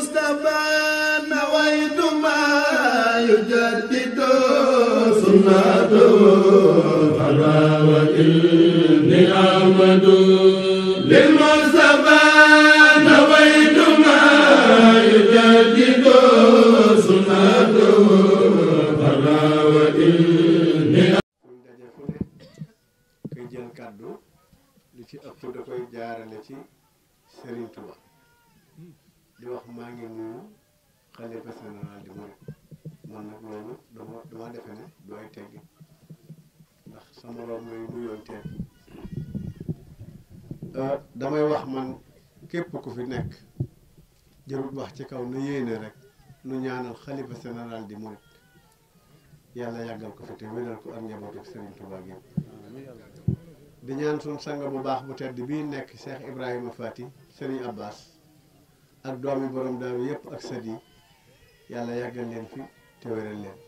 المصطفى نويت ما يجدد سنته فلا وإني أحمد للمصطفى Eh, dama defe ne dooy teggi ndax sa moroom ngay nuyoon teel damay wax man képp ku fi nekk jarul wax ci kaw na yéene rek nu ñaanal xalifa général di murit yàlla yàggal ko fi te wéral ko ak njabootu Serigne Touba gi di ñaan bu baax bu tedd bii nekk Cheikh Ibrahima Fati Serigne Abbas ak doomi borom daaw yépp ak sët leen fi te wéral leen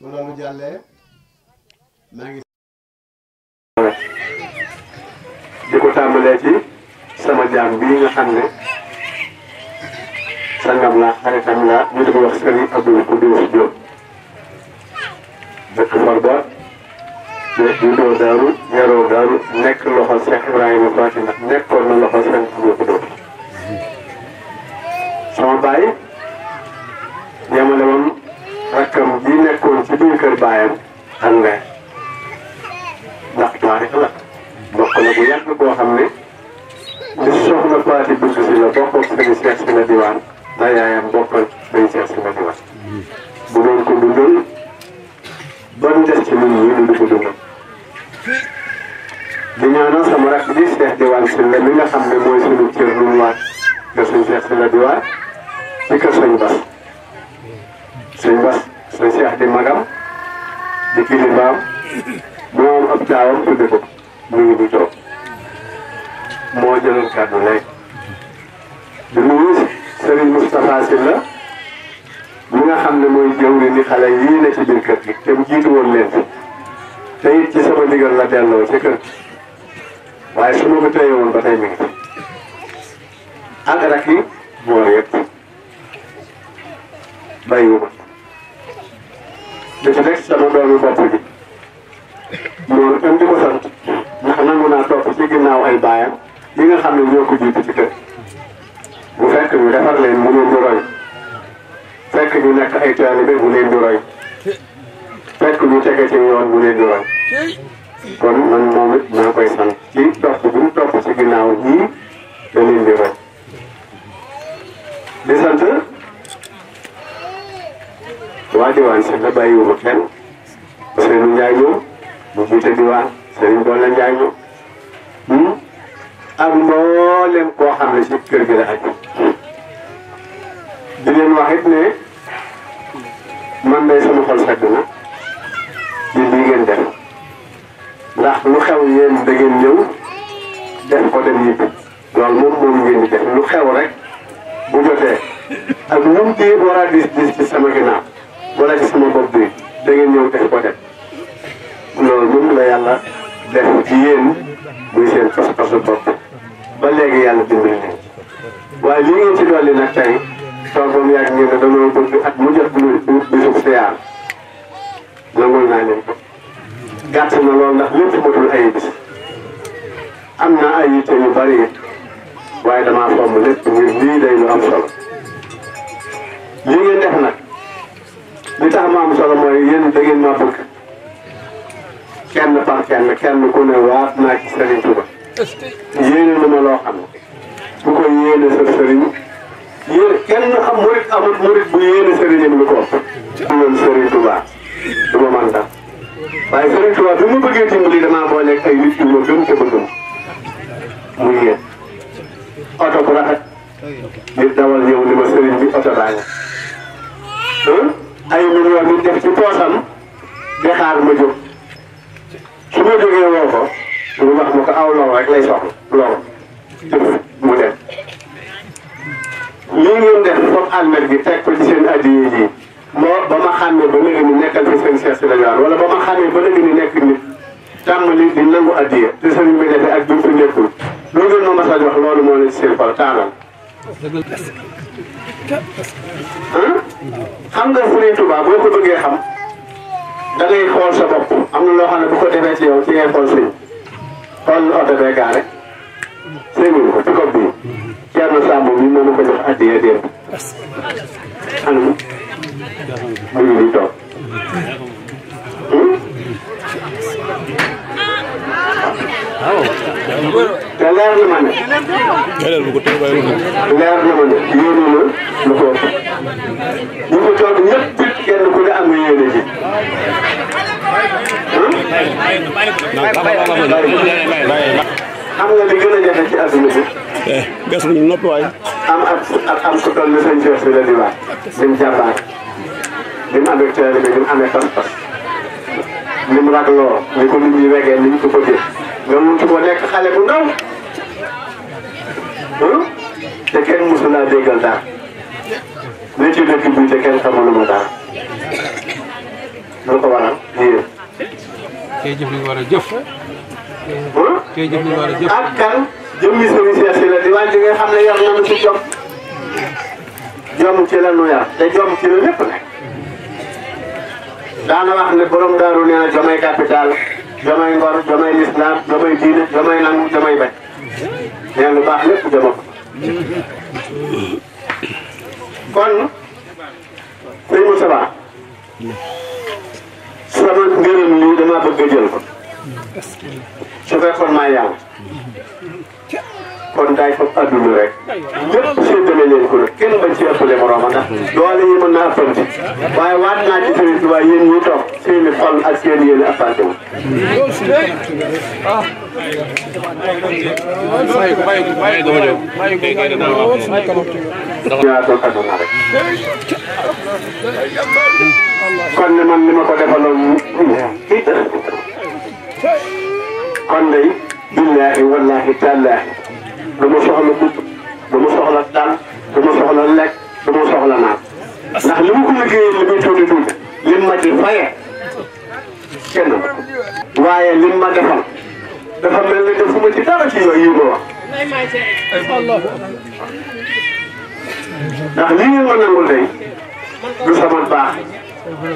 bu loolu jàllee maa ngi di ci sama jaam bii nga xam sangam la la ñu di wax Serigne Abdou Koudous Diop dëkk Farba juddoo daaru yaroo daaru nekk loxo Cheikh Ibrahima Fati ndax nekkoon na loxo sama baay yamale woon Rakam ji nekkoon ci biir kër baayam xam nga ndax taarix la bokk na bu yàgg boo xam ne ci soxna Faati Busu si la bokk ak sëñ Cheikh si la diwaan te yaayam bokk ak sëñ Cheikh si la diwaan bu doon ko dundal ba mu des ci nit ñi du ko dundal di ñaanal sama rakk bi Cheikh Diwaan si la mi nga xam ne mooy sunu lu mu waat nga sëñ Cheikh si la diwaan di ko magam di kilifaam moom ab jaawam tudde ko bu toog moo jëloon kàddu léegi di nuyu Serigne Moustapha Sylla mi nga xam ne mooy jëwri ni xale yii ne ci biir kër gi te mu woon leen fi te it ci sama ndigal la delloo ci kër waaye su ma ko téye woon ba tey mi ngi rakk yi boor yëpp bàyyiwuma di ci nekk sama doomu bopp ji loolu tam di ko sant ndax nangu naa topp ci ginnaaw ay baayam li nga xam ne ñoo ko jiitu ci kër bu fekk ñu defar leen mu leen di fekk ñu nekk ay taalibe mu leen di roy fekk ñu tege ci yoon mu leen di kon man moom it maa koy sant ak leen koo xam ne ci kër gi la aju di leen wax it ne man day sama xol sedd na di lii ngeen def ndax lu xew yéen da ngeen ñëw def ko dem yibbi loolu moom def lu xew rek bu jotee ak moom di ci sama ginnaaw wala ci sama bopp bi loolu moom la yàlla def ci muy seen pas-pasu bopp ba léegi yàlla dimbali leen waaye lii ngeen ci dolli nag tey toog ba mu yàgg ngeen ne dañoo bëgg at mu jot bisub siyaar nangul naa leen ko gàtt na lool ndax lépp matul ay bis am na ay yitte yu bari it waaye damaa fomm lépp ngir lii day lu am solo lii ngeen def nag li tax ma am solo mooy yéen da ngeen ma bëgg kenn par kenn kenn ku ne waat naa ci Serigne yéene na ma loo xam bu ko yéene sa sëriñ yéene kenn xam murit amul murit bu yéene sëriñam lu ko man sëriñ Tuubaa du ma man tax waaye sëriñ Tuubaa bi mu bëggee dimbali damaa boole ay nit yu ma gëm te bëggam yéen oto bu rafet di dawal ñëw ni ma sëriñ bi oto baa hmm? ay million yi def ci poosam di xaar ma jóg su ma jógee mu ko aw lool rek lay soxla mu dem lii ngeen def foofu almet bi teg ko ci seen addiye ji moo ba ma xàmmee ba léegi ni wala ba ma xàmmee ni nekk nit tàmmali di nangu addiye te sëriñ bi defee ak bi mu fi nekkul loolu ngeen ma message wax loolu moo leen seen xol taalal ko bëggee xam am na loo xam ne bu ko defee ci yow ci ngay xool tool oto bee gaa rek séeguñu ko pick-up bi Thierno Samb mi moo ma ko jox addiya démb anam mu ngi nii toog te leer na ma ne leer na ma ne yéene na lu ko ñu ko toog ñëpp kenn ku ne am na yéene ji xam nga li gën a jafe ci àdduna bi. bés bu nopp waay. am ak am ku toll ni sëñ Cheikh bi la di wax. di mu jàmbaar. di mu amee teel bi di mu amee pas-pas. ni mu ragloo ni ko nit ñi wegee ni ñu ko bëggee. nga mënti ko nekk xale bu ndaw. te kenn mësu laa déggal dara. li ci dëkk bi te kenn xamaluma dara. lu ko waral. tey jëf li ñu war a jëf. ak kan jëmmi sëriñ Cheikh si la di waaye di nga xam ne yor nañu si jom. jom ci la nu yar te jom ci la lépp nag. daana wax ne borom daaru nee na jomay capital jomay ngor jomay lislaam jomay diine jomay nangu jomay bañ. nee lu baax lépp joma ko. kon sëñ Moussa Ba. sama ngërëm lii damaa bëgg a jël ko su fekkoon maa kon daay fab adduna rek lépp séddale leen ci ëppale morooma ndax doole yi mën naa ëppanti waaye waat naa ci Sëriñ Tuubaa yéen ñi toog seeni xol ak seen yéen i appaate wu ñaatal adduna rek kon ne man li ma ko defaloon it kon day billaahi wallaahi tallaahi du ma soxla gudd du ma soxla dal du ma soxla lekk du ma soxla naan ndax li ma ko liggéeyee li muy tuuti tuuti lim ma ci faye kenn waaye lim ma defal dafa mel ni defuma ci dara ci yooyu ma wax ndax lii ngeen ma nangul day sama baax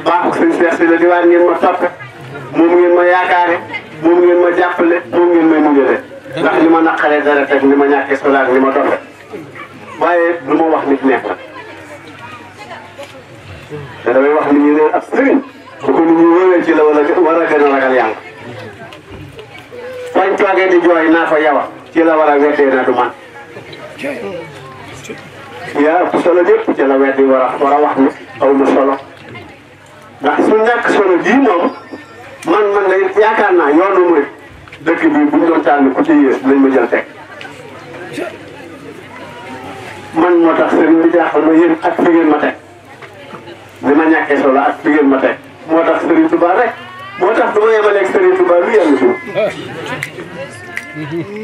baaxul suñu seex si ya, la diwaan ngeen ma toppe moom ngeen ma yaakaare moom ngeen ma jàppale moom ngeen may muñale ndax li ma dara teg li ma ñàkkee solaak li ma dofe wax nit nekk te damay wax nit ñi ne ko nit ñi ci la wala war ragal fañ di jooy naa fa yawa ci la na du man Ya, ëpp solo lépp ci la weddi war wax ni aw solo ndax su ñàkk solo bii moom man man de yaakaar naa yoonu mooy dëkk bi bu ñu doon tànn ku ci yées lañ ma jël teg. man moo tax sëriñ bi jaaxal ma yéen ak fi ma teg li ma ñàkkee solo ak fi ngeen ma teg moo tax sëriñ Tuubaa rek moo tax du ma yemaleeg sëriñ Tuubaa lu yàlla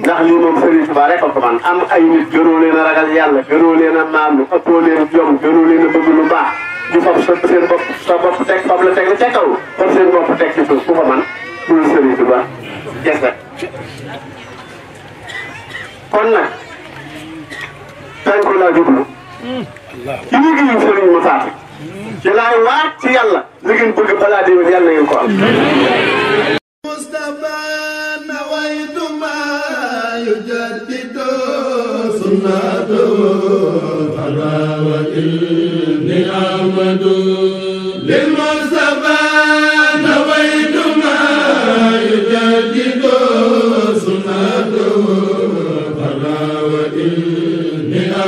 ndax lii moom sëriñ Tuubaa rek ko man am ay nit gënoo leen a ragal yàlla gënoo leen a maam lu ëppoo leen jom gënoo leen a bëgg lu baax. di fab sa seen bopp sa bopp teg fab la teg la ca kaw fab seen bopp teg ci suuf ku ko man loolu sëriñ bi ba jeex na kon nag tànku laa jublu ci liggéeyu sëriñ ma faat ci laay waat ci yàlla li ngeen bëgg balaa déwén yàlla na ngeen ko am sunnatu